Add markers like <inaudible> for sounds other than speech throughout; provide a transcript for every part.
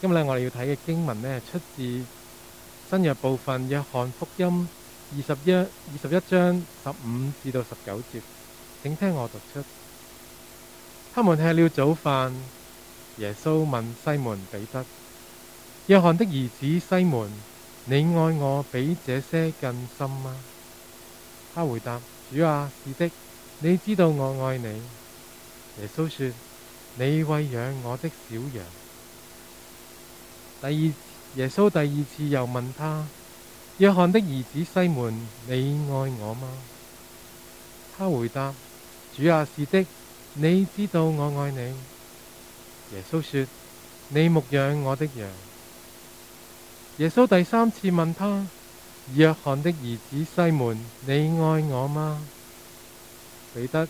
今日我哋要睇嘅經文呢，出自新約部分《約翰福音》二十一二十一章十五至到十九節，請聽我讀出。他們吃了早飯，耶穌問西門彼得：約翰的兒子西門，你愛我比這些更深嗎？他回答：主啊，是的。你知道我愛你。耶穌說：你餵養我的小羊。第二，耶穌第二次又問他：約翰的兒子西門，你愛我嗎？他回答：主啊，是的，你知道我愛你。耶穌說：你牧養我的羊。耶穌第三次問他：約翰的兒子西門，你愛我嗎？彼得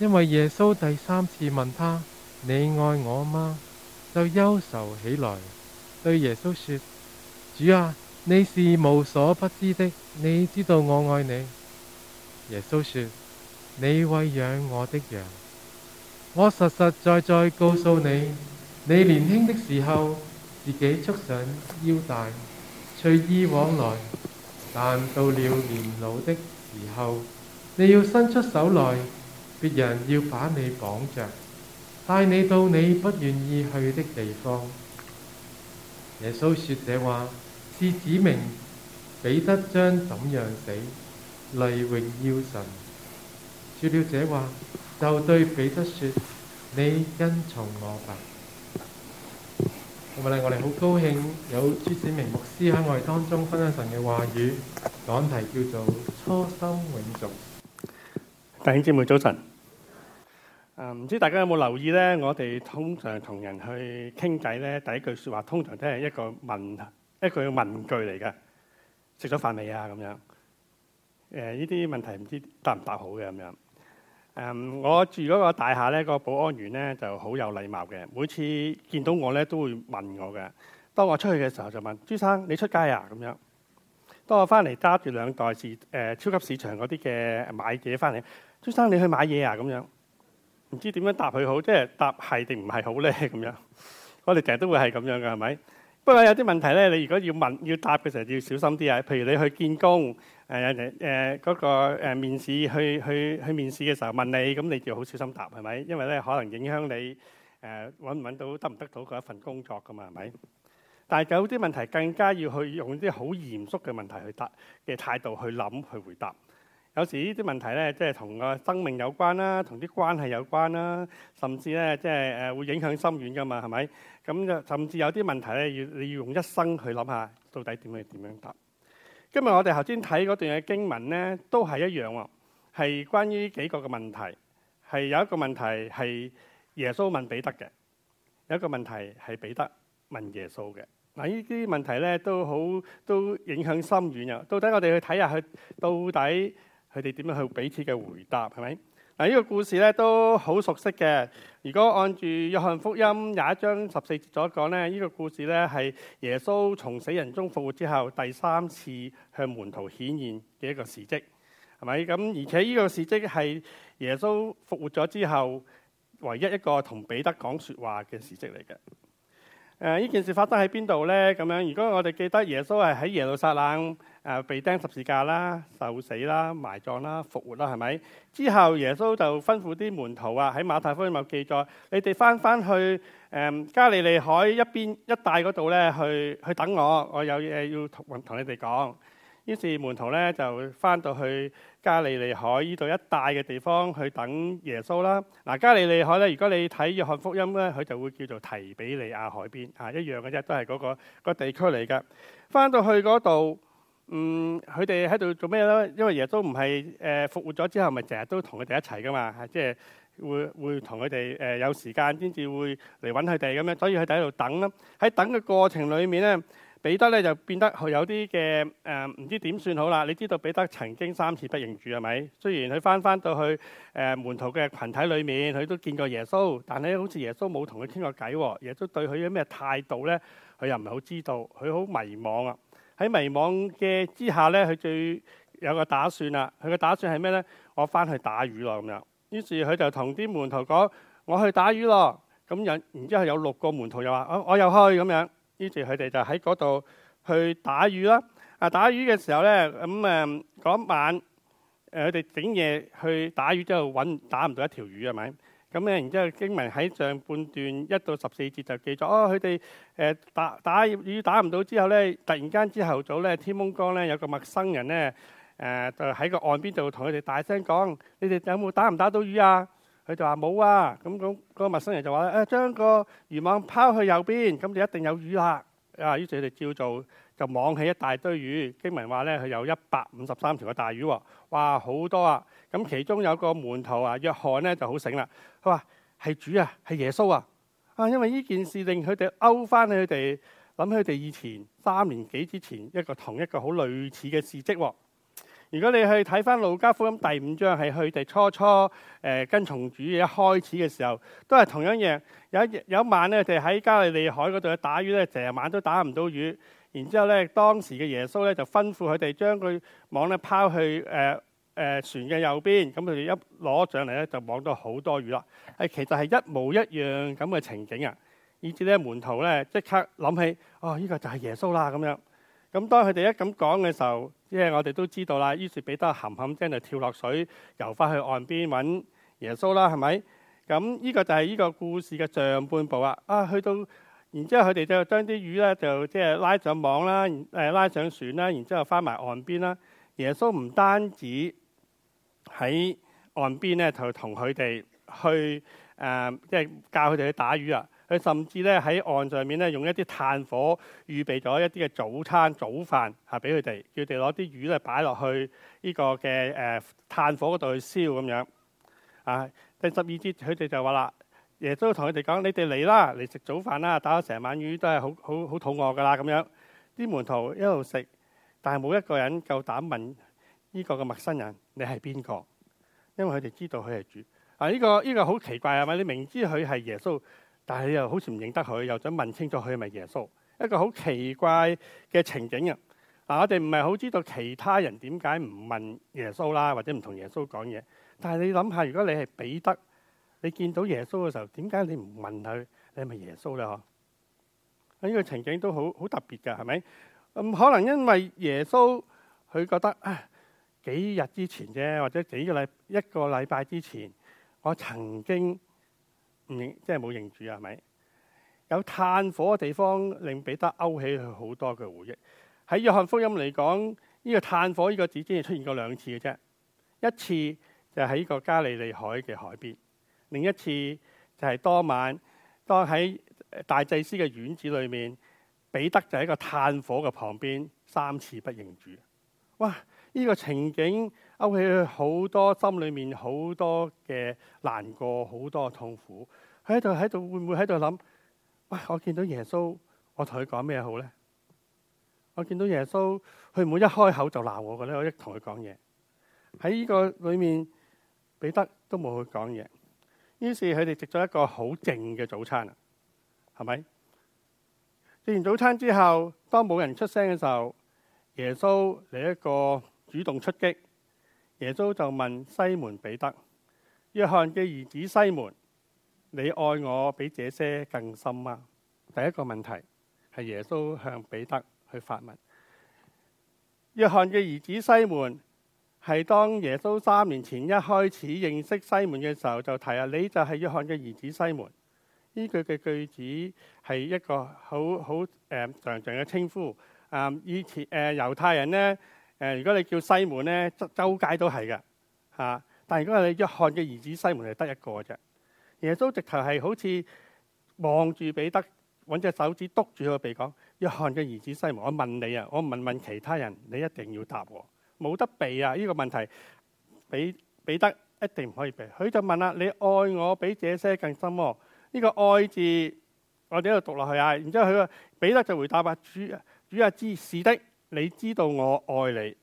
因為耶穌第三次問他：你愛我嗎？就憂愁起來。對耶穌說：主啊，你是無所不知的，你知道我愛你。耶穌說：你餵養我的羊，我實實在在告訴你，你年輕的時候自己束上腰帶，隨意往來；但到了年老的時候，你要伸出手來，別人要把你綁着，帶你到你不願意去的地方。耶穌說這話，是指明彼得將怎樣死，嚟榮耀神。者說了這話，就對彼得說：你跟從我吧。同埋咧，我哋好高興有朱展明牧師喺我哋當中分享神嘅話語。講題叫做初《初心永續》。弟兄姊妹，早晨。啊！唔知大家有冇留意咧？我哋通常同人去傾偈咧，第一句説話通常都係一個問題，一句問句嚟嘅。食咗飯未啊？咁樣誒？呢、呃、啲問題唔知答唔答好嘅咁樣。誒、呃，我住嗰個大廈咧，嗰個保安員咧就好有禮貌嘅。每次見到我咧，都會問我嘅。當我出去嘅時候就問，朱生你出街啊？咁樣。當我翻嚟揸住兩袋市誒、呃、超級市場嗰啲嘅買嘢翻嚟，朱生你去買嘢啊？咁樣。唔知點樣答佢好，即係答係定唔係好咧咁 <laughs> <laughs> 樣。我哋成日都會係咁樣嘅，係咪？不過有啲問題咧，你如果要問要答嘅時候要小心啲啊。譬如你去見工誒誒嗰個誒面試，去去去面試嘅時候問你，咁你就要好小心答係咪？因為咧，可能影響你誒揾唔揾到得唔得到嗰一份工作㗎嘛，係咪？但係有啲問題更加要去用啲好嚴肅嘅問題去答嘅態度去諗去回答。有時呢啲問題咧，即係同個生命有關啦，同啲關係有關啦，甚至咧，即係誒會影響深遠噶嘛，係咪咁？甚至有啲問題咧，要你要用一生去諗下，到底點樣點樣答？今日我哋頭先睇嗰段嘅經文咧，都係一樣喎，係關於幾個嘅問題，係有一個問題係耶穌問彼得嘅，有一個問題係彼得問耶穌嘅。嗱，呢啲問題咧都好都影響深遠㗎。到底我哋去睇下佢到底。佢哋點樣去彼此嘅回答係咪？嗱，呢個故事咧都好熟悉嘅。如果按住約翰福音廿一章十四節所講咧，呢個故事咧係耶穌從死人中復活之後第三次向門徒顯現嘅一個事蹟，係咪？咁而且呢個事蹟係耶穌復活咗之後唯一一個同彼得講說話嘅事蹟嚟嘅。誒、呃，呢件事發生喺邊度咧？咁樣，如果我哋記得耶穌係喺耶路撒冷。誒、啊、被釘十字架啦、受死啦、埋葬啦、復活啦，係咪？之後耶穌就吩咐啲門徒啊，喺馬太福音有記載，你哋翻翻去誒、嗯、加利利海一邊一帶嗰度咧，去去等我，我有嘢要同同你哋講。於是門徒咧就翻到去加利利海呢度一帶嘅地方去等耶穌啦。嗱、啊，加利利海咧，如果你睇約翰福音咧，佢就會叫做提比利亞海邊，啊，一樣嘅啫，都係嗰、那個那個那個地區嚟嘅。翻到去嗰度。嗯，佢哋喺度做咩咧？因為耶穌唔係誒復活咗之後，咪成日都同佢哋一齊噶嘛，即係會會同佢哋誒有時間先至會嚟揾佢哋咁樣，所以佢哋喺度等啦。喺等嘅過程裡面咧，彼得咧就變得有啲嘅誒，唔知點算好啦。你知道彼得曾經三次不認主係咪？雖然佢翻翻到去誒門徒嘅群體裡面，佢都見過耶穌，但係好似耶穌冇同佢傾過偈啊，耶穌對佢有咩態度咧，佢又唔係好知道，佢好迷惘啊。喺迷惘嘅之下咧，佢最有個打算啦。佢嘅打算係咩咧？我翻去打魚咯咁樣。於是佢就同啲門徒講：我去打魚咯。咁然，然之後有六個門徒又話：我我又去咁樣。於是佢哋就喺嗰度去打魚啦。啊，打魚嘅時候咧，咁、嗯、誒嗰晚誒佢哋整夜去打魚之後揾打唔到一條魚係咪？咁咧，然之後經文喺上半段一到十四節就記咗：「哦，佢哋誒打打魚打唔到之後咧，突然間朝頭早咧，天蒙光咧，有個陌生人咧誒、呃、就喺個岸邊度同佢哋大聲講：你哋有冇打唔打到魚啊？佢就話冇啊。咁嗰嗰個陌生人就話：誒、哎、將個漁網拋去右邊，咁就一定有魚啦。啊，於是佢哋照做，就網起一大堆魚。經文話咧，佢有一百五十三條嘅大魚，啊，哇，好多啊！咁其中有個門徒啊，約翰咧就好醒啦。佢話：係主啊，係耶穌啊！啊，因為呢件事令佢哋勾翻佢哋，諗起佢哋以前三年幾之前一個同一個好類似嘅事蹟喎。如果你去睇翻《路加福音》第五章，係佢哋初初誒、呃、跟從主嘅一開始嘅時候，都係同樣嘢。有一有一晚咧，佢哋喺加利利海嗰度打魚咧，成日晚都打唔到魚。然之後咧，當時嘅耶穌咧就吩咐佢哋將佢網咧拋去誒。呃誒船嘅右邊，咁佢哋一攞上嚟咧，就望到好多魚啦。係其實係一模一樣咁嘅情景啊。以至咧門徒咧即刻諗起，哦，呢個就係耶穌啦咁樣。咁當佢哋一咁講嘅時候，即係我哋都知道啦。於是彼得喊喊聲就跳落水，游翻去岸邊揾耶穌啦，係咪？咁呢個就係呢個故事嘅上半部啊。啊，去到然之後佢哋就將啲魚咧就即係拉上網啦，誒拉上船啦，然之後翻埋岸邊啦。耶穌唔單止喺岸邊咧、呃，就同佢哋去誒，即係教佢哋去打魚啊！佢甚至咧喺岸上面咧，用一啲炭火預備咗一啲嘅早餐、早飯啊俾佢哋，叫佢哋攞啲魚咧擺落去呢、這個嘅誒、呃、炭火嗰度去燒咁樣。啊，第十二節佢哋就話啦：耶穌同佢哋講，你哋嚟啦，嚟食早飯啦，打咗成晚魚都係好好好肚餓㗎啦。咁樣啲門徒一路食，但係冇一個人夠膽問。呢個嘅陌生人，你係邊個？因為佢哋知道佢係主啊，呢個呢個好奇怪係咪？你明知佢係耶穌，但係你又好似唔認得佢，又想問清楚佢係咪耶穌，一個好奇怪嘅情景啊！啊，我哋唔係好知道其他人點解唔問耶穌啦，或者唔同耶穌講嘢。但係你諗下，如果你係彼得，你見到耶穌嘅時候，點解你唔問佢你係咪耶穌咧？嗬？呢個情景都好好特別噶，係咪？咁可能因為耶穌佢覺得啊。幾日之前啫，或者幾個禮一個禮拜之前，我曾經唔認，即係冇認主啊？係咪有炭火嘅地方，令彼得勾起佢好多嘅回憶。喺《約翰福音》嚟講，呢個炭火呢、呢個字先係出現過兩次嘅啫。一次就喺個加利利海嘅海邊，另一次就係當晚當喺大祭司嘅院子裏面，彼得就喺個炭火嘅旁邊三次不認主。哇！呢個情景勾起佢好多心裏面好多嘅難過，好多痛苦。佢喺度喺度，會唔會喺度諗？喂，我見到耶穌，我同佢講咩好咧？我見到耶穌，佢唔會一開口就鬧我嘅咧。我一同佢講嘢，喺呢個裏面，彼得都冇去講嘢。於是佢哋食咗一個好靜嘅早餐啊，係咪？食完早餐之後，當冇人出聲嘅時候，耶穌嚟一個，主動出擊，耶穌就問西門彼得，約翰嘅兒子西門，你愛我比這些更深嗎？第一個問題係耶穌向彼得去發問。約翰嘅兒子西門係當耶穌三年前一開始認識西門嘅時候就提啊，你就係約翰嘅兒子西門。呢句嘅句子係一個好好誒常常嘅稱呼啊。以前誒、呃、猶太人呢。誒，如果你叫西門咧，周周街都係㗎吓。但係如果你約翰嘅兒子西門係得一個嘅啫。耶穌直頭係好似望住彼得，揾隻手指篤住佢個鼻講：約翰嘅兒子西門，我問你啊，我唔問問其他人，你一定要答我，冇得避啊！呢、這個問題，彼彼得一定唔可以避。佢就問啦、啊：你愛我比這些更深麼、哦？呢、這個愛字，我哋一度讀落去啊。然之後佢話：彼得就回答話、啊：主主阿、啊，之是的。你知道我愛你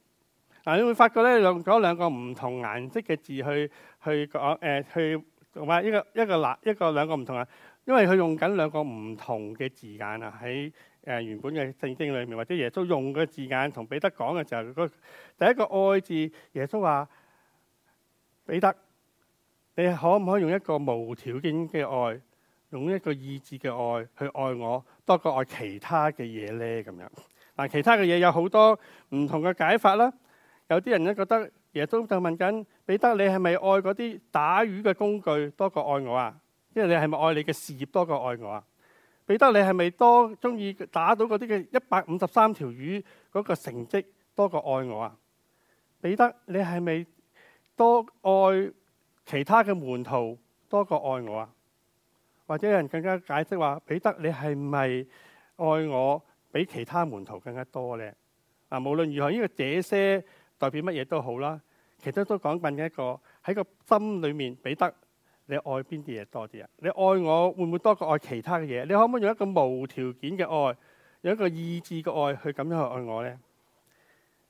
嗱、啊，你會發覺咧，用嗰兩個唔同顏色嘅字去去講誒，去同埋、呃、一個一個兩一個兩個唔同啊，因為佢用緊兩個唔同嘅字眼啊，喺誒、呃、原本嘅聖經裏面或者耶穌用嘅字眼同彼得講嘅時候，第一個愛字，耶穌話彼得，你可唔可以用一個無條件嘅愛，用一個意志嘅愛去愛我，多過愛其他嘅嘢咧咁樣。嗱，其他嘅嘢有好多唔同嘅解法啦。有啲人咧覺得，耶穌就問緊：「彼得，你係咪愛嗰啲打魚嘅工具多過愛我啊？因為你係咪愛你嘅事業多過愛我啊？彼得，你係咪多中意打到嗰啲嘅一百五十三條魚嗰個成績多過愛我啊？彼得，你係咪多愛其他嘅門徒多過愛我啊？或者有人更加解釋話，彼得，你係咪愛我？比其他門徒更加多呢？啊，無論如何，呢個這些代表乜嘢都好啦。其實都講緊一個喺個心裏面，彼得，你愛邊啲嘢多啲啊？你愛我會唔會多過愛其他嘅嘢？你可唔可以用一個無條件嘅愛，有一個意志嘅愛去咁樣去愛我呢？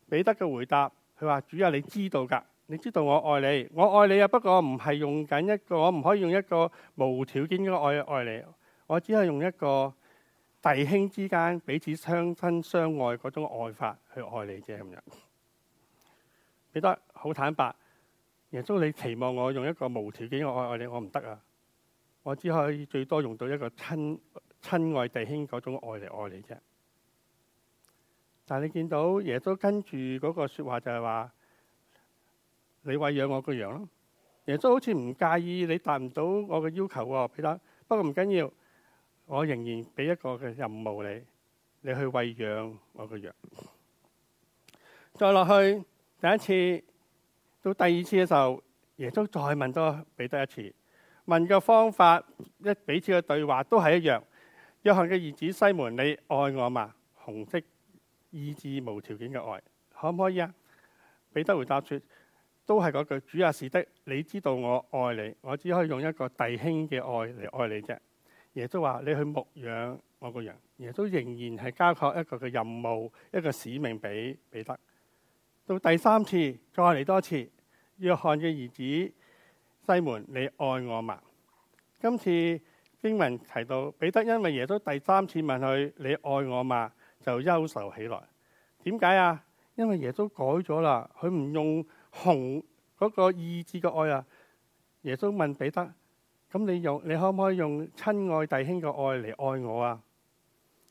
彼得嘅回答，佢話：主啊，你知道㗎，你知道我愛你，我愛你啊。不過我唔係用緊一個，我唔可以用一個無條件嘅愛去愛你。我只係用一個，弟兄之間彼此相親相愛嗰種愛法去愛你啫。咁樣彼得好坦白，耶穌你期望我用一個無條件嘅愛愛你，我唔得啊，我只可以最多用到一個親親愛弟兄嗰種愛嚟愛你啫。但係你見到耶穌跟住嗰個說話就係話，你餵養我個羊咯，耶穌好似唔介意你達唔到我嘅要求啊，彼得，不過唔緊要。我仍然俾一個嘅任務你，你去餵養我嘅羊。再落去第一次，到第二次嘅時候，耶穌再問多彼得一次，問嘅方法、一彼此嘅對話都係一樣。約翰嘅兒子西門，你愛我嘛？紅色意志無條件嘅愛，可唔可以啊？彼得回答說：都係嗰句，主啊，是的，你知道我愛你，我只可以用一個弟兄嘅愛嚟愛你啫。耶穌話：你去牧養我個羊。耶穌仍然係交託一個嘅任務，一個使命俾彼得。到第三次再嚟多次，約翰嘅兒子西門，你愛我嘛？今次經文提到，彼得因為耶穌第三次問佢：你愛我嘛？就憂愁起來。點解啊？因為耶穌改咗啦，佢唔用紅嗰個意志嘅愛啊。耶穌問彼得。咁你用你可唔可以用親愛弟兄嘅愛嚟愛我啊？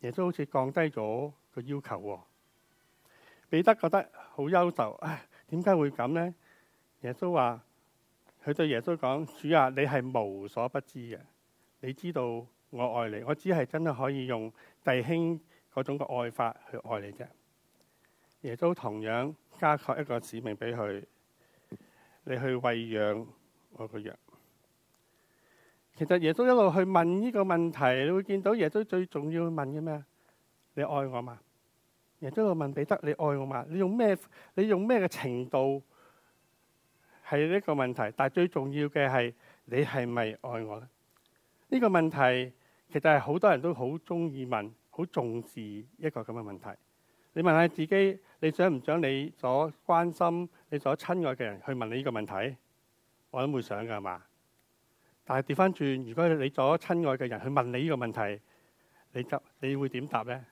耶穌好似降低咗個要求，哦，彼得覺得好憂愁，唉，點解會咁呢？耶穌話：佢對耶穌講，主啊，你係無所不知嘅，你知道我愛你，我只係真係可以用弟兄嗰種嘅愛法去愛你啫。耶穌同樣加刻一個使命俾佢，你去餵養我個羊。其實耶穌一路去問呢個問題，你會見到耶穌最重要問嘅咩？你愛我嘛？耶穌一路問彼得：你愛我嘛？你用咩？你用咩嘅程度係呢個問題？但係最重要嘅係你係咪愛我咧？呢個問題其實係好多人都好中意問、好重視一個咁嘅問題。你問下自己：你想唔想你所關心、你所親愛嘅人去問你呢個問題？我諗會想噶，係嘛？但係調翻轉，如果你咗親愛嘅人去問你呢個問題，你答，你會點答咧？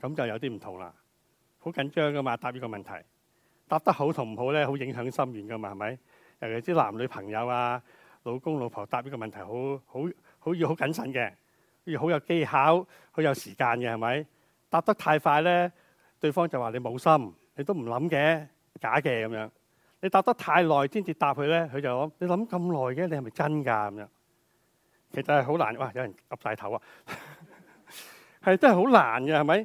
咁就有啲唔同啦。好緊張噶嘛，答呢個問題，答得好同唔好咧，好影響心願噶嘛，係咪？尤其啲男女朋友啊、老公老婆答呢個問題，好好好要好謹慎嘅，要好有技巧、好有時間嘅，係咪？答得太快咧，對方就話你冇心，你都唔諗嘅，假嘅咁樣。你答得太耐先至答佢咧，佢就諗你諗咁耐嘅，你係咪真噶咁樣？其實係好難。哇，有人岌晒頭啊，係真係好難嘅，係咪？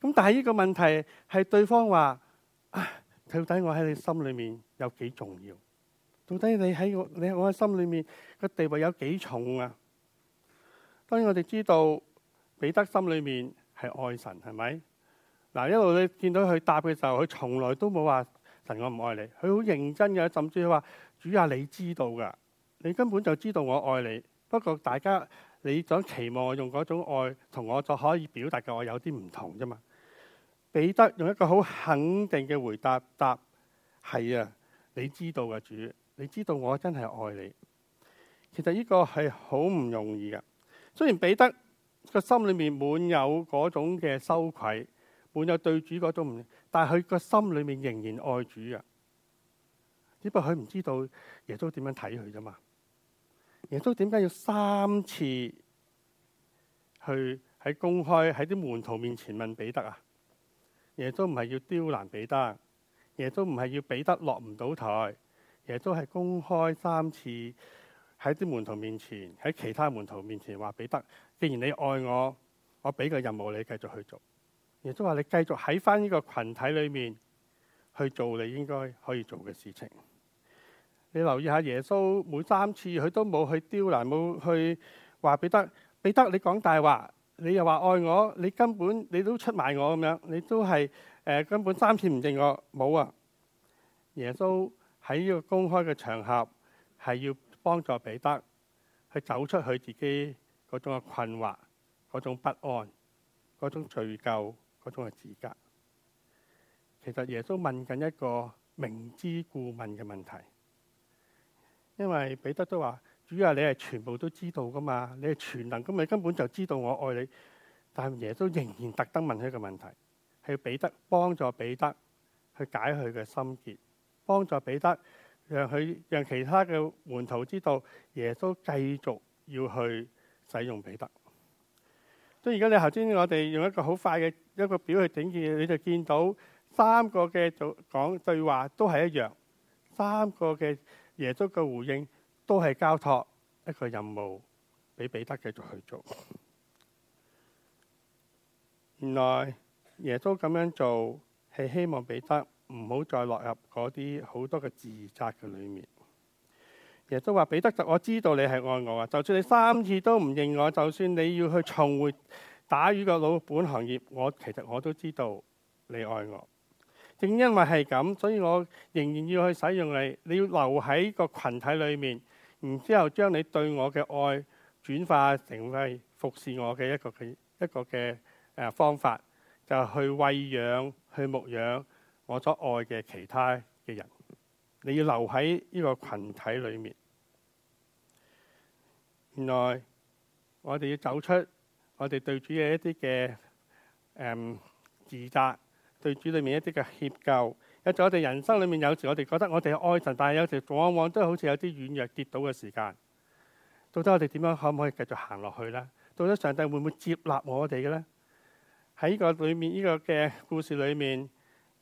咁但係呢個問題係對方話，到底我喺你心裏面有幾重要？到底你喺我你喺我心裏面嘅地位有幾重啊？當然我哋知道彼得心裏面係愛神，係咪？嗱，一路你見到佢答嘅時候，佢從來都冇話。我唔愛你，佢好認真嘅，甚至佢話主啊，你知道噶，你根本就知道我愛你。不過大家你想期望我用嗰種愛同我就可以表達嘅愛有啲唔同啫嘛。彼得用一個好肯定嘅回答答：係啊，你知道嘅主，你知道我真係愛你。其實呢個係好唔容易嘅。雖然彼得個心裏面滿有嗰種嘅羞愧，滿有對主嗰種唔。但係佢個心裏面仍然愛主嘅啊，只不過佢唔知道耶穌點樣睇佢啫嘛。耶穌點解要三次去喺公開喺啲門徒面前問彼得啊？耶穌唔係要刁難彼得，耶穌唔係要彼得落唔到台，耶穌係公開三次喺啲門徒面前，喺其他門徒面前話彼得，既然你愛我，我俾個任務你繼續去做。耶穌話：你繼續喺返呢個群體裏面去做你應該可以做嘅事情。你留意下耶穌每三次佢都冇去刁難，冇去話彼得，彼得你講大話，你又話愛我，你根本你都出賣我咁樣，你都係誒、呃、根本三次唔認我冇啊。耶穌喺呢個公開嘅場合係要幫助彼得去走出佢自己嗰種嘅困惑、嗰種不安、嗰種罪疚。嗰種嘅自覺，其實耶穌問緊一個明知故問嘅問題，因為彼得都話：主啊，你係全部都知道噶嘛，你係全能，咁你根本就知道我愛你。但耶穌仍然特登問佢一個問題，係要彼得幫助彼得去解佢嘅心結，幫助彼得讓佢讓其他嘅門徒知道耶穌繼續要去使用彼得。所以而家你頭先，我哋用一個好快嘅一個表去整嘅，你就見到三個嘅組講對話都係一樣，三個嘅耶穌嘅回應都係交託一個任務俾彼得繼續去做。原來耶穌咁樣做係希望彼得唔好再落入嗰啲好多嘅自責嘅裏面。亦都話：彼得特我知道你係愛我啊！就算你三次都唔認我，就算你要去重回打魚個老本行業，我其實我都知道你愛我。正因為係咁，所以我仍然要去使用你。你要留喺個群體裏面，然之後將你對我嘅愛轉化成為服侍我嘅一個嘅一個嘅誒方法，就去餵養、去牧養我所愛嘅其他嘅人。你要留喺呢個群體裏面。原來我哋要走出我哋對主嘅一啲嘅自責，對主裏面一啲嘅歉疚。有陣我哋人生裏面，有時我哋覺得我哋愛神，但係有時往往都好似有啲軟弱跌倒嘅時間。到底我哋點樣可唔可以繼續行落去呢？到底上帝會唔會接納我哋嘅呢？喺呢個裏面呢、呢個嘅故事裏面，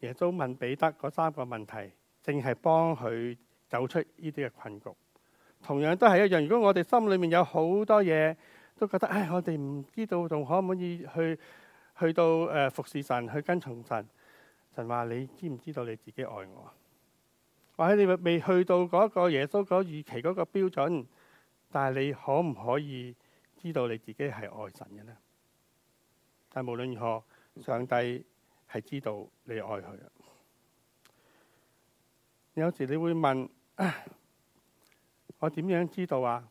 耶穌問彼得嗰三個問題，正係幫佢走出呢啲嘅困局。同樣都係一樣。如果我哋心裏面有好多嘢，都覺得唉、哎，我哋唔知道仲可唔可以去去到誒、呃、服侍神、去跟從神。神話你知唔知道你自己愛我？或、哎、者你未去到嗰個耶穌嗰預期嗰個標準，但係你可唔可以知道你自己係愛神嘅呢？但係無論如何，上帝係知道你愛佢。有時你會問。我點樣知道啊？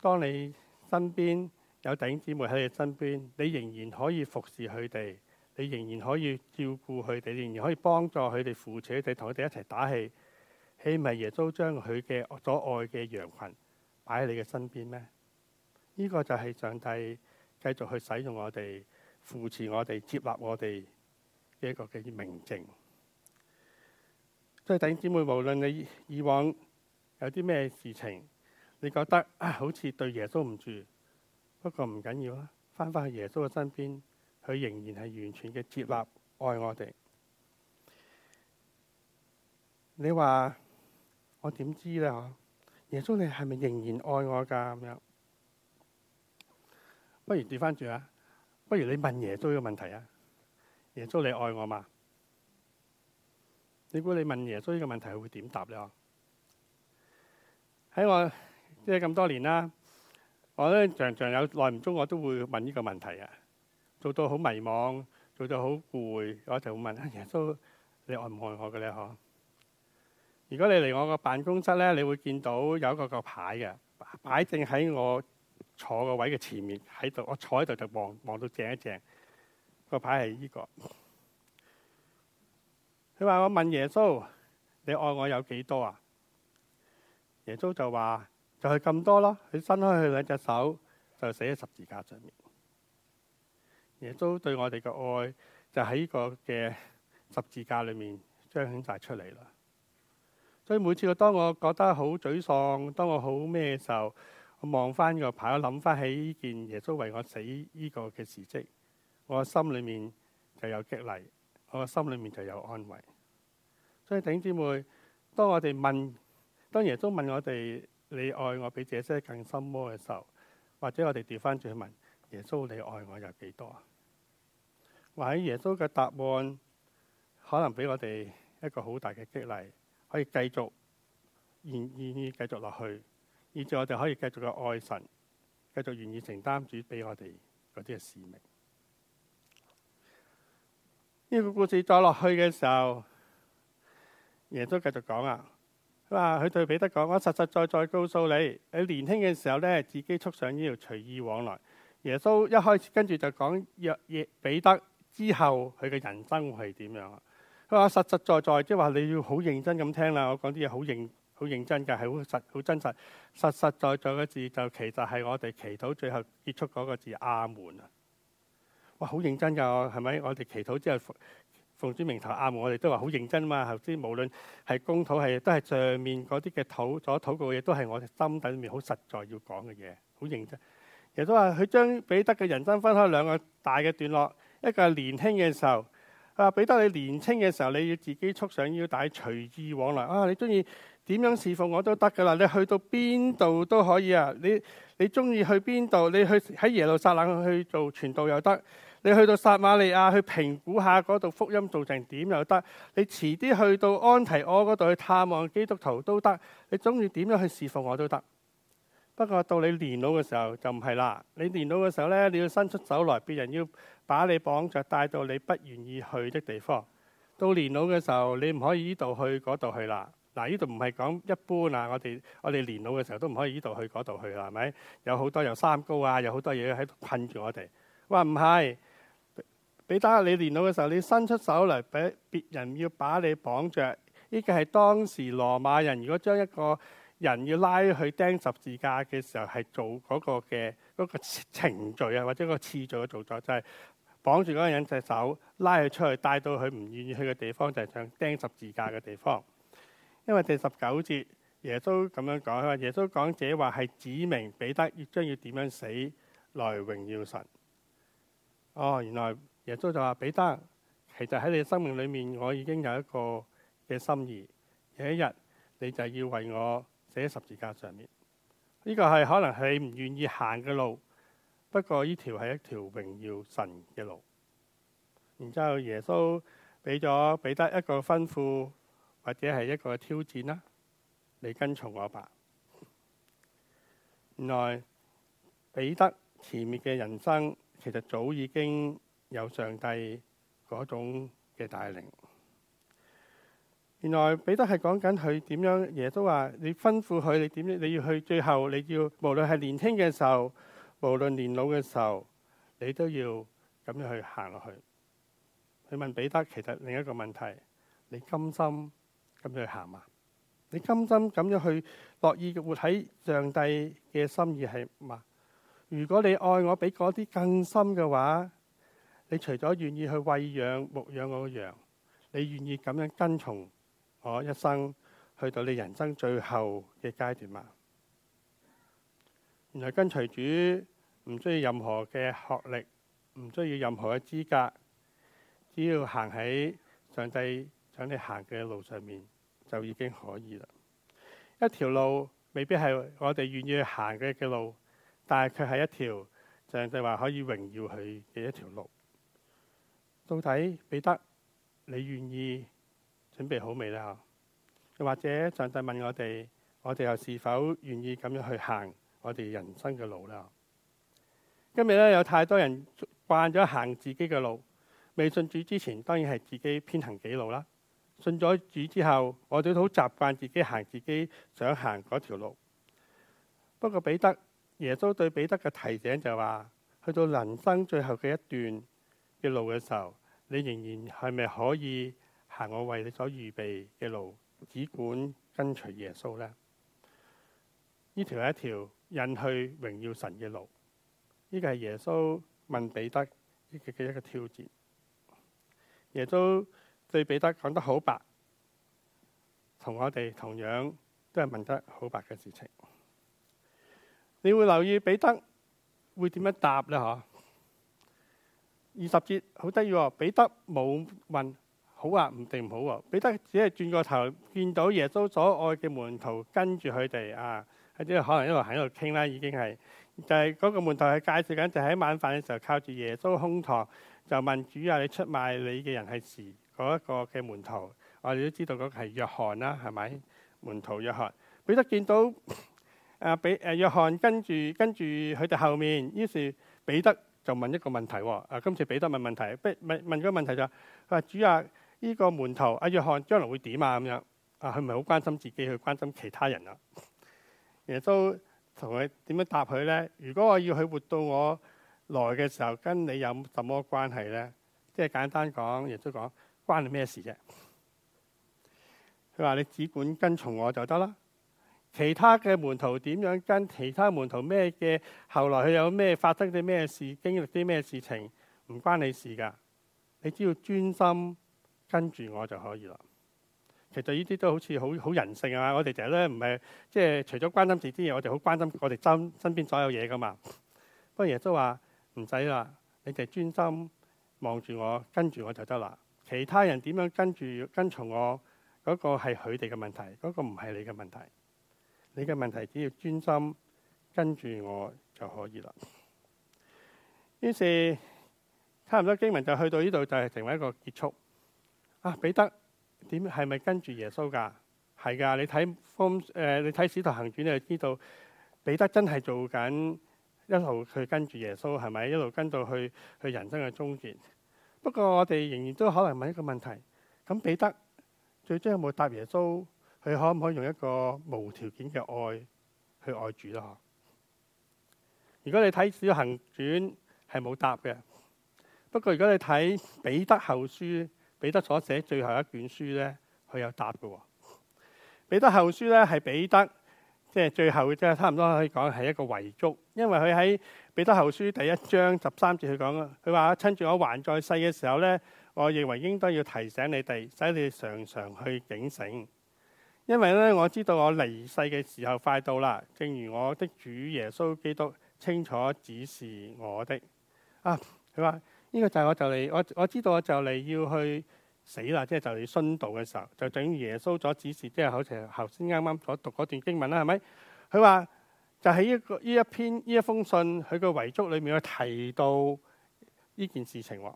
當你身邊有弟兄姊妹喺你身邊，你仍然可以服侍佢哋，你仍然可以照顧佢哋，你仍然可以幫助佢哋，扶持佢哋，同佢哋一齊打氣，豈唔係耶穌將佢嘅所愛嘅羊群擺喺你嘅身邊咩？呢個就係上帝繼續去使用我哋，扶持我哋，接納我哋嘅一個嘅明證。即係弟兄姊妹，無論你以往。有啲咩事情，你覺得啊，好似對耶穌唔住，不過唔緊要啦，翻翻去耶穌嘅身邊，佢仍然係完全嘅接納愛我哋。你話我點知呢？嗬，耶穌你係咪仍然愛我噶？咁樣，不如調翻轉啊，不如你問耶穌呢個問題啊，耶穌你愛我嘛？你估你問耶穌呢個問題，佢會點答呢？喺我即係咁多年啦，我咧常常有耐唔中，我都會問呢個問題啊，做到好迷茫，做到好攰，我就會問：耶穌，你愛唔愛我嘅咧？可如果你嚟我個辦公室咧，你會見到有一個個牌嘅擺正喺我坐個位嘅前面喺度，我坐喺度就望望到正一正。個牌係呢個。佢話：我問耶穌，你愛我有幾多啊？耶穌就話，就係、是、咁多咯，佢伸開佢兩隻手就死喺十字架上面。耶穌對我哋嘅愛就喺呢個嘅十字架裏面彰顯晒出嚟啦。所以每次我當我覺得好沮喪，當我好咩嘅時候，我望翻個牌，諗翻起呢件耶穌為我死呢個嘅事蹟，我心裏面就有激勵，我心裏面就有安慰。所以弟兄姊妹，當我哋問。當耶穌問我哋，你愛我比這些更深麼嘅時候，或者我哋調翻轉去問耶穌，你愛我有幾多？或者耶穌嘅答案，可能俾我哋一個好大嘅激勵，可以繼續願願意繼續落去，以至我哋可以繼續嘅愛神，繼續願意承擔主俾我哋嗰啲嘅使命。呢、這個故事再落去嘅時候，耶穌繼續講啊。佢話：佢對彼得講，我實實在在告訴你，你年輕嘅時候呢，自己束上呢要隨意往來。耶穌一開始跟住就講約耶彼得之後佢嘅人生會係點樣啊？佢話實實在在，即係話你要好認真咁聽啦。我講啲嘢好認好認真㗎，係好實好真實，實實在在嘅字就其實係我哋祈禱最後結束嗰個字阿門啊！哇，好認真㗎，係咪？我哋祈禱之後。奉主名頭啱、啊，我哋都話好認真嘛。頭先無論係公土係都係上面嗰啲嘅土所吐嘅嘢，都係我哋心底裏面好實在要講嘅嘢，好認真。亦都話佢將彼得嘅人生分開兩個大嘅段落，一個係年輕嘅時候啊，彼得你年輕嘅時候你要自己束上腰帶，隨意往來啊！你中意點樣侍奉我都得㗎啦，你去到邊度都可以啊！你你中意去邊度？你去喺耶路撒冷去做傳道又得。你去到撒瑪利亞去評估下嗰度福音做成點又得，你遲啲去到安提阿嗰度去探望基督徒都得，你中意點樣去侍奉我都得。不過到你年老嘅時候就唔係啦，你年老嘅時候呢，你要伸出手來，別人要把你綁着帶到你不願意去的地方。到年老嘅時候你唔可以呢度去嗰度去啦。嗱，呢度唔係講一般啊，我哋我哋年老嘅時候都唔可以呢度去嗰度去啦，係咪？有好多有三高啊，有好多嘢喺度困住我哋。話唔係。彼得你年老嘅時候，你伸出手嚟俾別人要把你綁着。呢個係當時羅馬人如果將一個人要拉去釘十字架嘅時候係做嗰個嘅嗰、那個、程序啊，或者個次序嘅動作，就係綁住嗰個人隻手拉佢出去，帶到佢唔願意去嘅地方，就係、是、釘十字架嘅地方。因為第十九節耶穌咁樣講，佢耶穌講者話係指明彼得將要將要點樣死來榮耀神。哦，原來。耶穌就話：彼得，其實喺你生命裏面，我已經有一個嘅心意。有一日，你就要為我死喺十字架上面。呢、這個係可能係唔願意行嘅路，不過呢條係一條榮耀神嘅路。然之後，耶穌俾咗彼得一個吩咐，或者係一個挑戰啦，你跟從我吧。原來彼得前面嘅人生其實早已經。有上帝嗰種嘅帶領，原來彼得係講緊佢點樣。耶穌話：你吩咐佢，你點？你要去最後，你要無論係年輕嘅時候，無論年老嘅時候，你都要咁樣去行落去。佢問彼得：其實另一個問題，你甘心咁樣去行啊？你甘心咁樣去樂意活喺上帝嘅心意係嘛？如果你愛我比嗰啲更深嘅話，你除咗願意去餵養牧養我嘅羊，你願意咁樣跟從我一生，去到你人生最後嘅階段嘛？原來跟隨主唔需要任何嘅學歷，唔需要任何嘅資格，只要行喺上帝想你行嘅路上面，就已經可以啦。一條路未必係我哋願意去行嘅嘅路，但係佢係一條上帝話可以榮耀佢嘅一條路。到底彼得，你願意準備好未咧？又或者上帝問我哋，我哋又是否願意咁樣去行我哋人生嘅路咧？今日咧有太多人慣咗行自己嘅路，未信主之前當然係自己偏行己路啦。信咗主之後，我哋都好習慣自己行自己想行嗰條路。不過彼得，耶穌對彼得嘅提醒就話，去到人生最後嘅一段嘅路嘅時候。你仍然係咪可以行我為你所預備嘅路？只管跟隨耶穌呢？呢條係一條引去榮耀神嘅路。呢個係耶穌問彼得嘅一個挑戰。耶穌對彼得講得好白，同我哋同樣都係問得好白嘅事情。你會留意彼得會點樣答呢？吓？二十節好得意喎，彼得冇問，好啊唔定唔好喎、啊。彼得只係轉個頭，見到耶穌所愛嘅門徒跟住佢哋啊，喺度可能一路喺度傾啦，已經係就係、是、嗰個門徒係介紹緊，就喺、是、晚飯嘅時候靠住耶穌胸膛，就問主啊，你出賣你嘅人係誰？嗰、那、一個嘅門徒，我哋都知道嗰個係約翰啦，係咪門徒約翰？彼得見到誒比誒約翰跟住跟住佢哋後面，於是彼得。就問一個問題、哦，啊今次彼得問問題，不問問咗個問題就話、是，主啊，呢個門徒阿約翰將來會點啊？咁樣，啊佢唔係好關心自己，去關心其他人啦、啊。耶穌同佢點樣答佢咧？如果我要佢活到我來嘅時候，跟你有什麼關係咧？即係簡單講，亦都講關你咩事啫？佢話你只管跟從我就得啦。其他嘅門徒點樣跟？其他門徒咩嘅？後來佢有咩發生啲咩事？經歷啲咩事情？唔關你事噶，你只要專心跟住我就可以啦。其實呢啲都好似好好人性啊。我哋成日咧唔係即係除咗關心自己嘢，我哋好關心我哋周身邊所有嘢噶嘛。不過耶穌話唔使啦，你哋專心望住我，跟住我就得啦。其他人點樣跟住跟從我嗰個係佢哋嘅問題，嗰個唔係你嘅問題。你嘅問題，只要專心跟住我就可以啦。於是差唔多經文就去到呢度就係成為一個結束。啊，彼得點係咪跟住耶穌㗎？係㗎，你睇《風誒》，你睇《使徒行傳》，你就知道彼得真係做緊一路去跟住耶穌係咪？一路跟到去去人生嘅終結。不過我哋仍然都可能問一個問題：咁彼得最終有冇答耶穌？佢可唔可以用一個無條件嘅愛去愛主咧？嗬？如果你睇《使徒行傳》係冇答嘅，不過如果你睇《彼得後書》，彼得所寫最後一卷書呢，佢有答嘅。彼得後書呢係彼得即係最後，即係差唔多可以講係一個遺囑，因為佢喺彼得後書第一章十三節佢講啊，佢話啊，趁住我還在世嘅時候呢，我認為應該要提醒你哋，使你哋常常去警醒。因為咧，我知道我離世嘅時候快到啦。正如我的主耶穌基督清楚指示我的啊，佢話：呢、這個就係我就嚟，我我知道我就嚟要去死啦，即係就嚟、是、殉道嘅時候，就等於耶穌所指示，即、就、係、是、好似頭先啱啱所讀嗰段經文啦，係咪？佢話就喺呢、這個呢一篇呢一封信佢嘅遺囑裏面去提到呢件事情喎。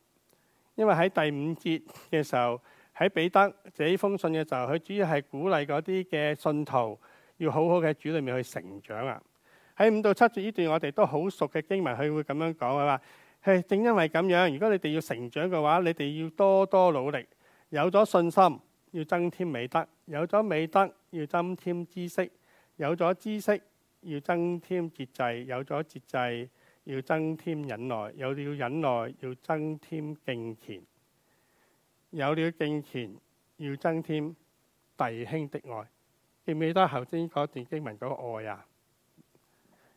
因為喺第五節嘅時候。喺彼得寫這封信嘅時候，佢主要係鼓勵嗰啲嘅信徒要好好嘅主裏面去成長啊！喺五到七節呢段我哋都好熟嘅經文，佢會咁樣講啊嘛。唉、哎，正因為咁樣，如果你哋要成長嘅話，你哋要多多努力。有咗信心，要增添美德；有咗美德，要增添知識；有咗知識，要增添節制；有咗節制，要增添忍耐；有了忍耐，要增添敬虔。有了敬虔，要增添弟兄的愛。記唔記得頭先嗰段經文嗰個愛呀？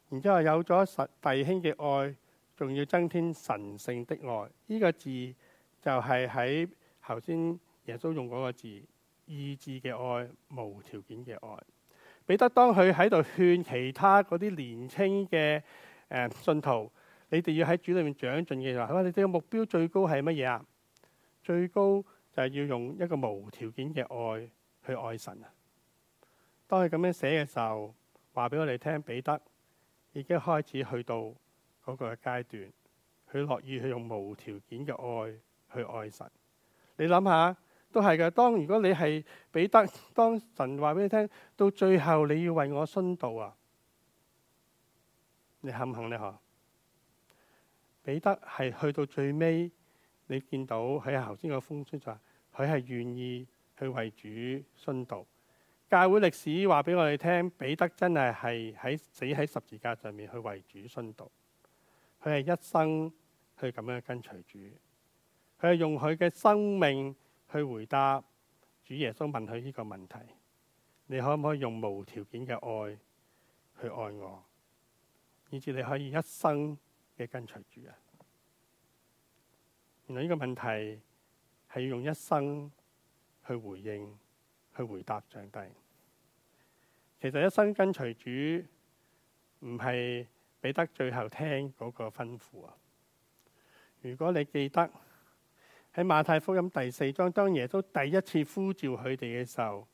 然之後有咗神弟兄嘅愛，仲要增添神聖的愛。呢個字就係喺頭先耶穌用嗰個字，意志嘅愛，無條件嘅愛。彼得當佢喺度勸其他嗰啲年青嘅誒信徒，你哋要喺主裏面長進嘅時候，你哋嘅目標最高係乜嘢啊？最高就係要用一個無條件嘅愛去愛神啊！當佢咁樣寫嘅時候，話俾我哋聽，彼得已經開始去到嗰個階段，佢樂意去用無條件嘅愛去愛神。你諗下，都係嘅。當如果你係彼得，當神話俾你聽到最後，你要為我殉道啊！你肯唔肯咧？吓？彼得係去到最尾。你見到喺頭先個風吹就話佢係願意去為主殉道，教會歷史話俾我哋聽，彼得真係係喺死喺十字架上面去為主殉道，佢係一生去咁樣跟隨主，佢係用佢嘅生命去回答主耶穌問佢呢個問題：你可唔可以用無條件嘅愛去愛我，以至你可以一生嘅跟隨主啊？原來呢個問題係要用一生去回應、去回答上帝。其實一生跟隨主唔係彼得最後聽嗰個吩咐啊。如果你記得喺馬太福音第四章，當耶穌第一次呼召佢哋嘅時候，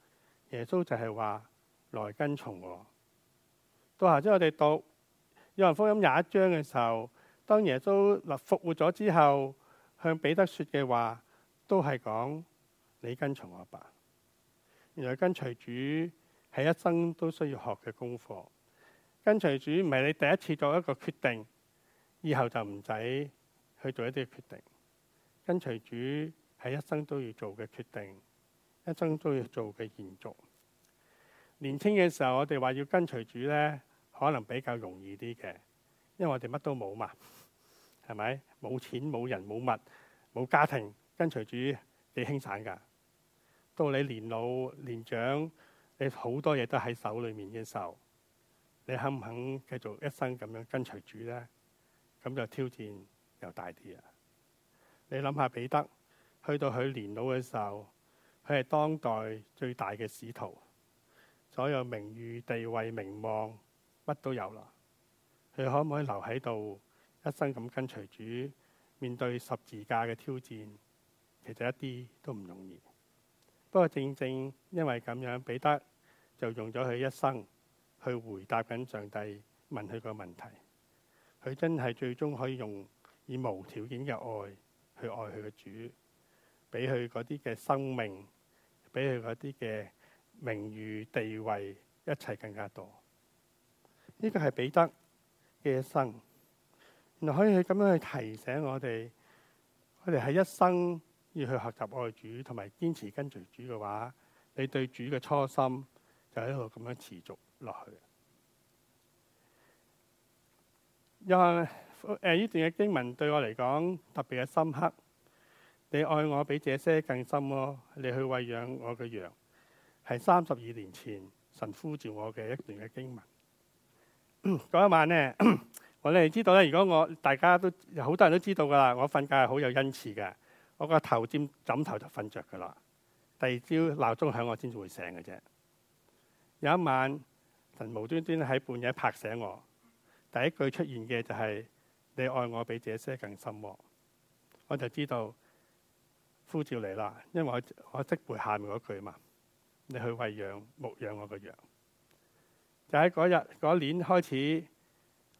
耶穌就係話來跟從我。到下即我哋讀約翰福音廿一章嘅時候，當耶穌嗱復活咗之後。向彼得說嘅話，都係講你跟從我吧。原來跟隨主係一生都需要學嘅功課。跟隨主唔係你第一次做一個決定，以後就唔使去做一啲決定。跟隨主係一生都要做嘅決定，一生都要做嘅延續。年輕嘅時候，我哋話要跟隨主呢，可能比較容易啲嘅，因為我哋乜都冇嘛。係咪？冇錢、冇人、冇物、冇家庭，跟隨主你輕散噶。到你年老年長，你好多嘢都喺手裏面嘅時候，你肯唔肯繼續一生咁樣跟隨主呢？咁就挑戰又大啲啊！你諗下彼得，去到佢年老嘅時候，佢係當代最大嘅使徒，所有名譽、地位、名望，乜都有啦。佢可唔可以留喺度？一生咁跟隨主，面對十字架嘅挑戰，其實一啲都唔容易。不過正正因為咁樣，彼得就用咗佢一生去回答緊上帝問佢個問題。佢真係最終可以用以無條件嘅愛去愛佢嘅主，俾佢嗰啲嘅生命，俾佢嗰啲嘅名譽地位，一切更加多。呢個係彼得嘅一生。原來可以咁樣去提醒我哋，我哋係一生要去學習愛主，同埋堅持跟隨主嘅話，你對主嘅初心就喺度咁樣持續落去。有誒，呢、呃、段嘅經文對我嚟講特別嘅深刻。你愛我比這些更深咯、哦，你去餵養我嘅羊，係三十二年前神呼召我嘅一段嘅經文。嗰 <coughs> 一晚呢。 <coughs> 我哋知道咧，如果我大家都好多人都知道噶啦，我瞓覺係好有恩賜嘅，我個頭沾枕頭就瞓着噶啦，第二朝鬧鐘響我先至會醒嘅啫。有一晚神無端端喺半夜拍醒我，第一句出現嘅就係、是、你愛我比這些更深喎，我就知道呼召你啦，因為我我識背下面嗰句嘛，你去餵養牧養我嘅羊，就喺嗰日嗰年開始。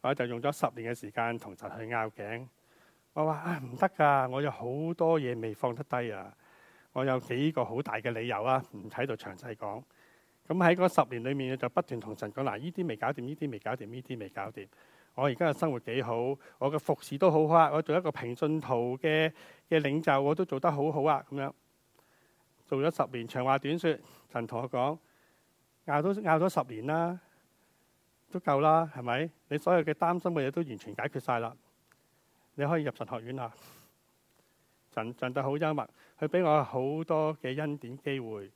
我就用咗十年嘅時間同神去拗頸，我話啊唔得噶，我有好多嘢未放得低啊，我有幾個好大嘅理由啊，唔喺度詳細講。咁喺嗰十年裏面，我就不斷同神講嗱，呢啲未搞掂，呢啲未搞掂，呢啲未搞掂。我而家嘅生活幾好，我嘅服侍都好啊，我做一個平信徒嘅嘅領袖，我都做得好好啊，咁樣做咗十年。長話短說，神同我講，拗咗拗咗十年啦。都夠啦，係咪？你所有嘅擔心嘅嘢都完全解決晒啦。你可以入神學院啦。神，神得好幽默，佢俾我好多嘅恩典機會，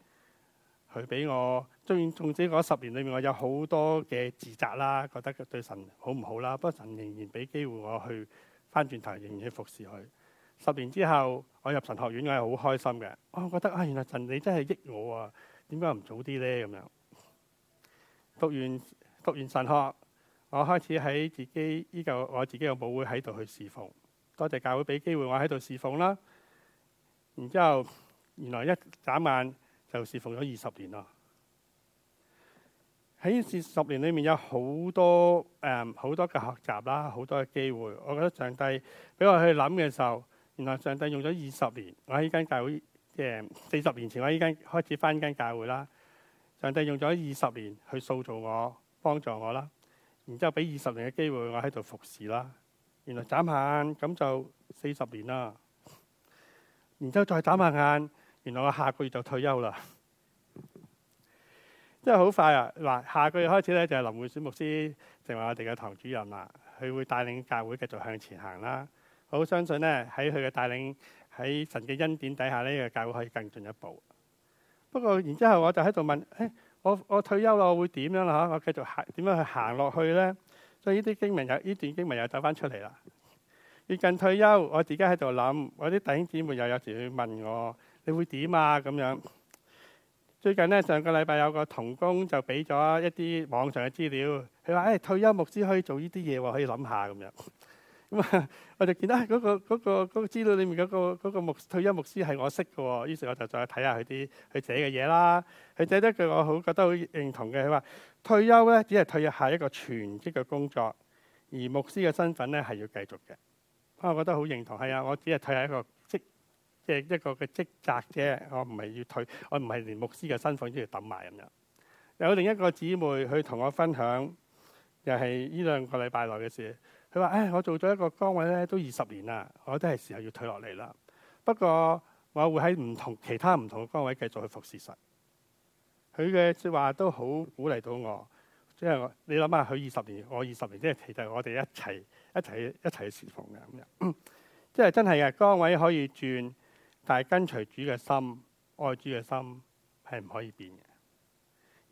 佢俾我。當然，總之嗰十年裏面，我有好多嘅自責啦，覺得對神好唔好啦。不過神仍然俾機會我去翻轉頭，仍然去服侍佢。十年之後，我入神學院，我係好開心嘅。我覺得啊，哎，原來神你真係益我啊！點解唔早啲咧？咁樣讀完。讀完神學，我開始喺自己依個，這個，我自己嘅母會喺度去侍奉。多謝教會俾機會我喺度侍奉啦。然之後，原來一眨眼就侍奉咗二十年啦。喺二十年裏面有好多誒，好、嗯、多嘅學習啦，好多嘅機會。我覺得上帝俾我去諗嘅時候，原來上帝用咗二十年。我喺依間教會嘅四十年前，我喺依間開始翻呢間教會啦。上帝用咗二十年去塑造我。幫助我啦，然之後俾二十年嘅機會我喺度服侍啦。原來眨下眼咁就四十年啦，然之後再眨下眼，眼，原來我下個月就退休啦。真係好快啊！嗱，下個月開始咧就係林婉雪牧師，成為我哋嘅堂主任啦。佢會帶領教會繼續向前行啦。我好相信呢，喺佢嘅帶領，喺神嘅恩典底下呢，個教會可以更進一步。不過，然之後我就喺度問，誒、哎。我我退休啦，我會點樣啦嚇？我繼續行點樣去行落去咧？所以呢啲經文又呢段經文又走翻出嚟啦。越近退休，我自己喺度諗，我啲弟兄姊妹又有時去問我：你會點啊？咁樣。最近咧，上個禮拜有個同工就俾咗一啲網上嘅資料，佢話：誒、哎、退休牧師可以做呢啲嘢喎，可以諗下咁樣。咁 <laughs> 我就見到嗰個、啊嗰個嗰個、嗰個資料裏面嗰個、嗰個牧退休牧師係我識嘅，於是我就再睇下佢啲佢寫嘅嘢啦。佢寫得句我好覺得好認同嘅，佢話退休咧只係退下一個全職嘅工作，而牧師嘅身份咧係要繼續嘅。我覺得好認同。係啊，我只係退下一個職，即係一個嘅職責啫。我唔係要退，我唔係連牧師嘅身份都要揼埋咁樣。有另一個姊妹去同我分享，又係呢兩個禮拜內嘅事。佢話，唉，我做咗一個崗位咧，都二十年啦，我都係時候要退落嚟啦。不過，我會喺唔同其他唔同嘅崗位繼續去服侍神。佢嘅説話都好鼓勵到我，即係我，你諗下，佢二十年，我二十年，即係其實我哋一齊一齊一齊去侍奉嘅咁樣。即係、 <coughs> 就是、真係嘅，崗位可以轉，但係跟隨主嘅心、愛主嘅心係唔可以變嘅。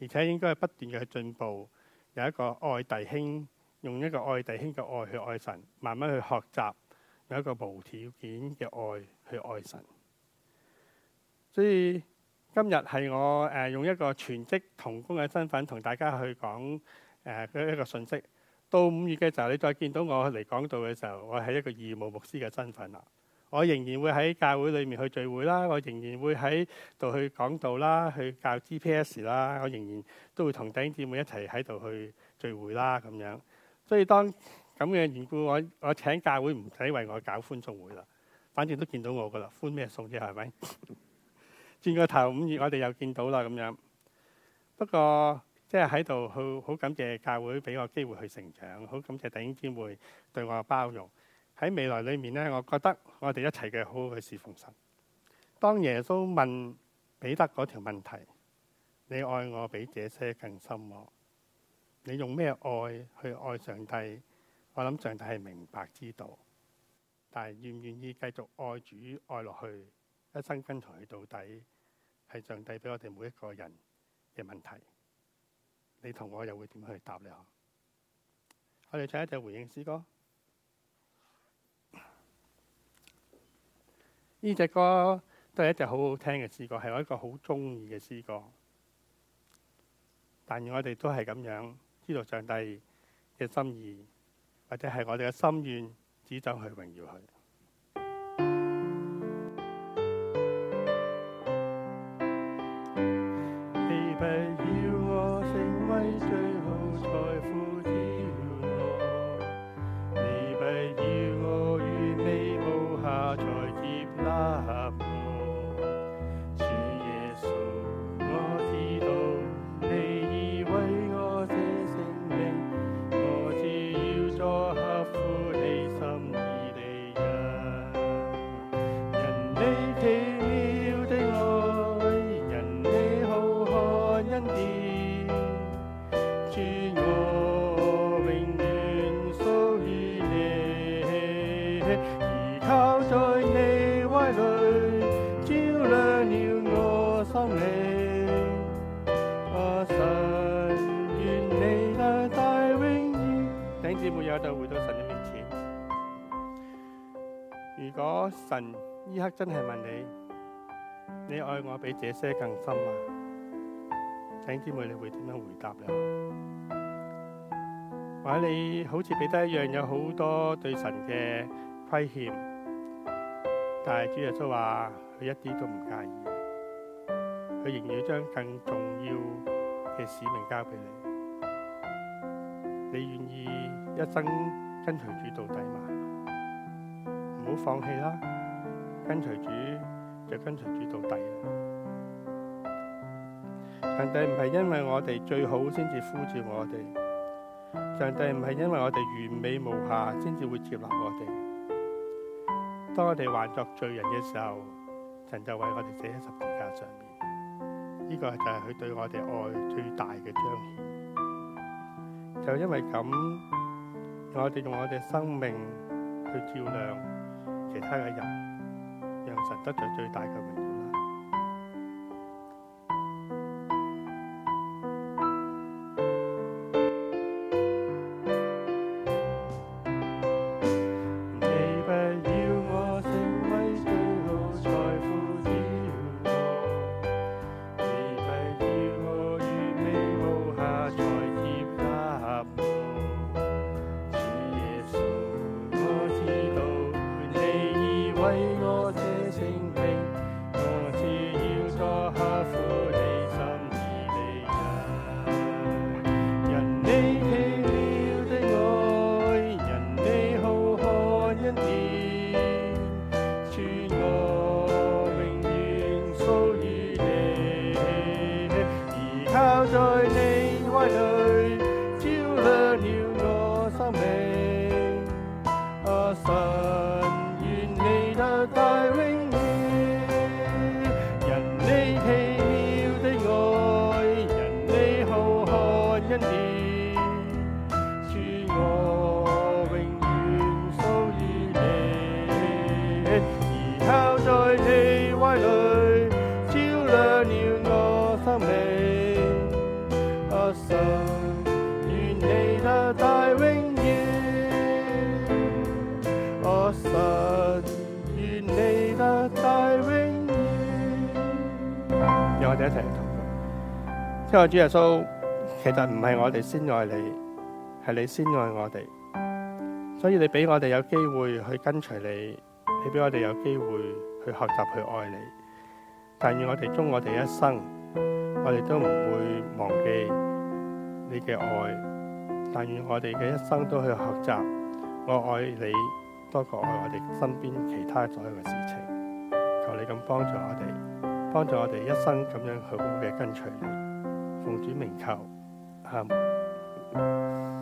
而且應該係不斷嘅進步，有一個愛弟兄。用一個愛弟兄嘅愛去愛神，慢慢去學習有一個無條件嘅愛去愛神。所以今日係我誒、呃、用一個全職同工嘅身份同大家去講誒、呃、一個信息。到五月嘅時候，你再見到我嚟講道嘅時候，我係一個義務牧師嘅身份啦。我仍然會喺教會裏面去聚會啦，我仍然會喺度去講道啦，去教 G P S 啦，我仍然都會同弟兄姊妹一齊喺度去聚會啦，咁樣。所以當咁嘅緣故，我我請教會唔使為我搞歡送會啦，反正都見到我噶啦，歡咩送啫，係咪？ <laughs> 轉個頭五月我哋又見到啦咁樣。不過即係喺度好好感謝教會俾我機會去成長，好感謝弟兄姊妹對我嘅包容。喺未來裏面呢，我覺得我哋一齊嘅好好去侍奉神。當耶穌問彼得嗰條問題：你愛我比這些更深麼？你用咩愛去愛上帝？我諗上帝係明白知道，但係願唔願意繼續愛主愛落去，一生跟隨到底，係上帝俾我哋每一個人嘅問題。你同我又會點去答咧？我哋唱一隻回應詩歌。呢隻歌都係一隻好好聽嘅詩歌，係我一個好中意嘅詩歌。但係我哋都係咁樣。知道上帝嘅心意，或者係我哋嘅心願，只走去榮耀佢。真係問你，你愛我比這些更深啊？請姊妹你會點樣回答呀？或者你好似彼得一樣，有好多對神嘅虧欠，但係主耶穌話佢一啲都唔介意，佢仍然要將更重要嘅使命交俾你。你願意一生跟隨主到底嘛？唔好放棄啦！跟隨主就跟隨主到底啊！上帝唔係因為我哋最好先至呼召我哋，上帝唔係因為我哋完美無瑕先至會接納我哋。當我哋還作罪人嘅時候，神就為我哋死喺十字架上面。呢、這個就係佢對我哋愛最大嘅彰顯。就因為咁，我哋用我哋生命去照亮其他嘅人。得著最大嘅聽我主耶穌，其實唔係我哋先愛你，係你先愛我哋。所以你俾我哋有機會去跟隨你，你俾我哋有機會去學習去愛你。但願我哋終我哋一生，我哋都唔會忘記你嘅愛。但願我哋嘅一生都去學習，我愛你多過愛我哋身邊其他所有嘅事情。求你咁幫助我哋，幫助我哋一生咁樣好好嘅跟隨你。奉主名求，阿們。